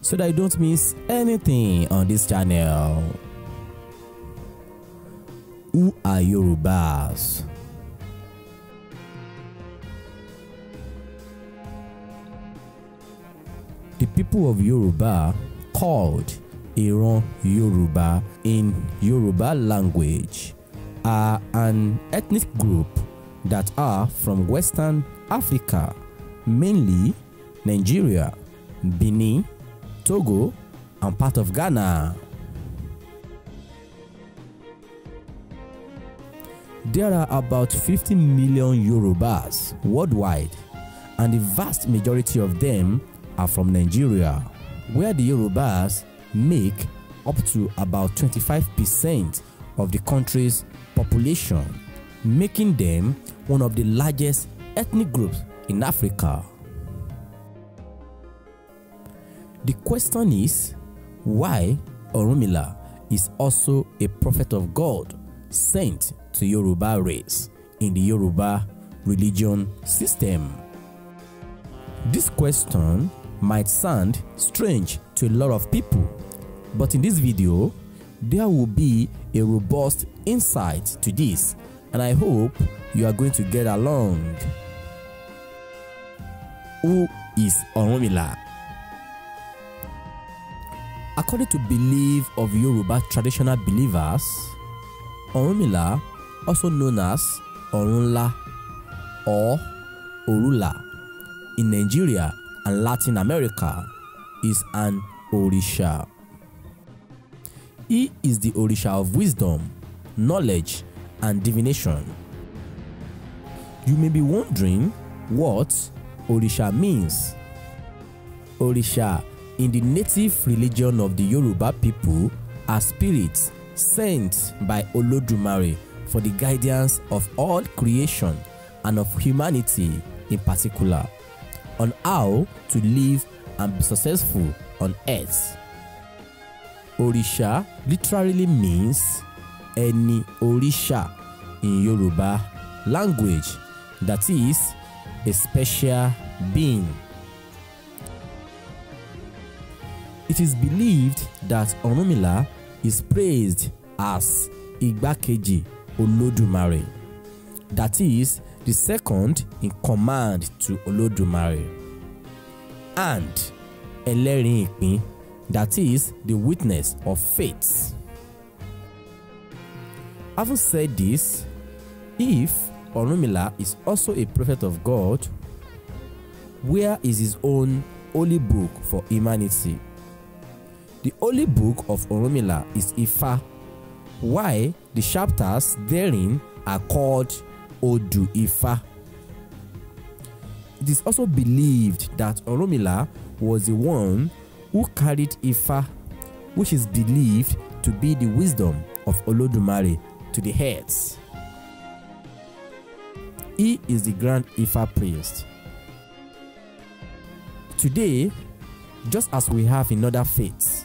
so that you don't miss anything on this channel. Who are Yorubas? The people of Yoruba called Iran Yoruba in Yoruba language are an ethnic group that are from Western Africa, mainly Nigeria, Benin, Togo, and part of Ghana. There are about 50 million Yorubas worldwide, and the vast majority of them are from Nigeria, where the Yorubas make up to about 25% of the country's population, making them one of the largest ethnic groups in Africa. The question is why Orumila is also a prophet of God sent to Yoruba race in the Yoruba religion system. This question might sound strange to a lot of people, but in this video, there will be a robust insight to this and I hope you are going to get along. Who is Oromila? According to belief of Yoruba traditional believers, Orunmila, also known as Orunla or Orula in Nigeria and Latin America, is an Orisha. He is the Orisha of wisdom, knowledge, and divination. You may be wondering what Orisha means. Orisha in the native religion of the Yoruba people are spirits sent by Olodumare for the guidance of all creation and of humanity in particular on how to live and be successful on earth. Orisha literally means any orisha in Yoruba language that is a special being. It is believed that Onomila is praised as Igbakeji Olodumare, that is, the second in command to Olodumare, and Elerin Ipin, that is, the witness of faith. Having said this, if Onomila is also a prophet of God, where is his own holy book for humanity? The holy book of Oromila is Ifa, why the chapters therein are called Odu Ifa. It is also believed that Oromila was the one who carried Ifa, which is believed to be the wisdom of Olodumare to the heads. He is the grand Ifa priest. Today, just as we have in other faiths,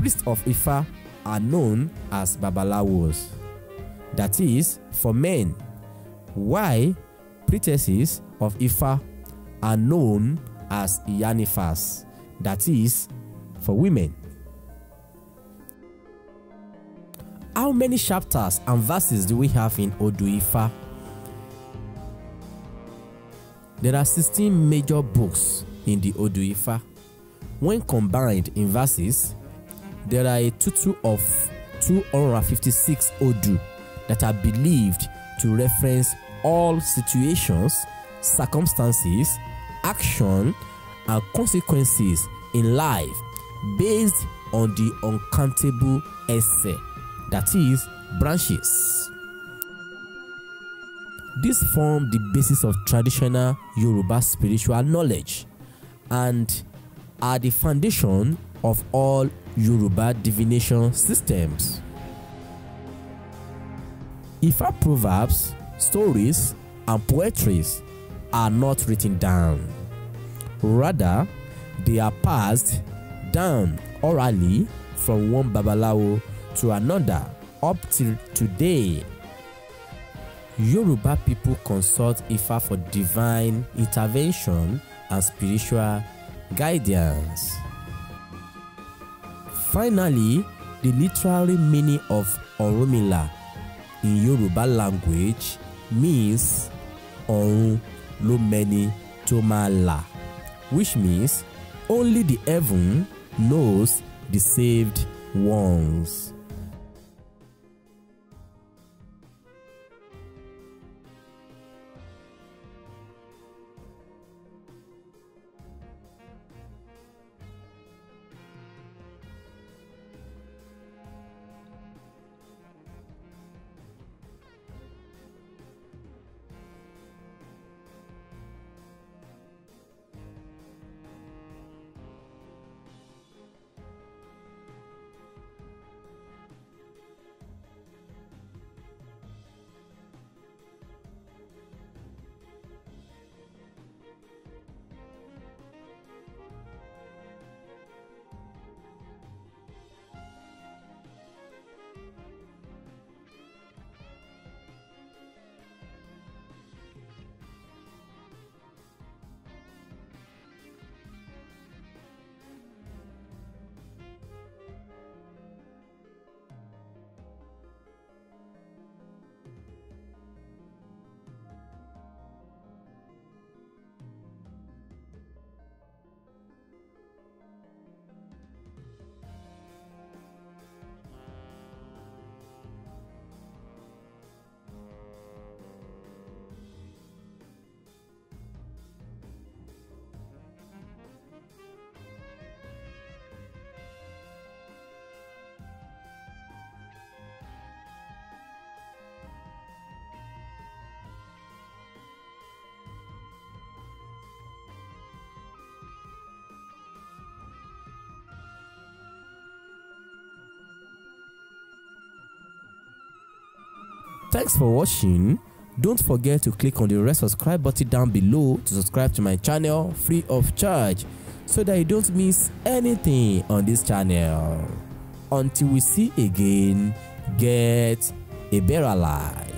priests of Ifa are known as Babalawos, that is, for men, Why priestesses of Ifa are known as Iyanifas, that is, for women. How many chapters and verses do we have in Odu Ifa? There are 16 major books in the Odu Ifa. When combined in verses, there are a total of 256 Odu that are believed to reference all situations, circumstances, action, and consequences in life based on the uncountable esse, that is, branches. This form the basis of traditional Yoruba spiritual knowledge and are the foundation of all Yoruba divination systems. Ifa proverbs, stories, and poetries are not written down. Rather, they are passed down orally from one babalawo to another up till today. Yoruba people consult Ifa for divine intervention and spiritual guidance. Finally, the literary meaning of Orunmila in Yoruba language means Ọ̀run ló mẹni tó máa là, which means only the heaven knows the saved ones. Thanks for watching. Don't forget to click on the red subscribe button down below to subscribe to my channel free of charge so that you don't miss anything on this channel. Until we see again, get a better life.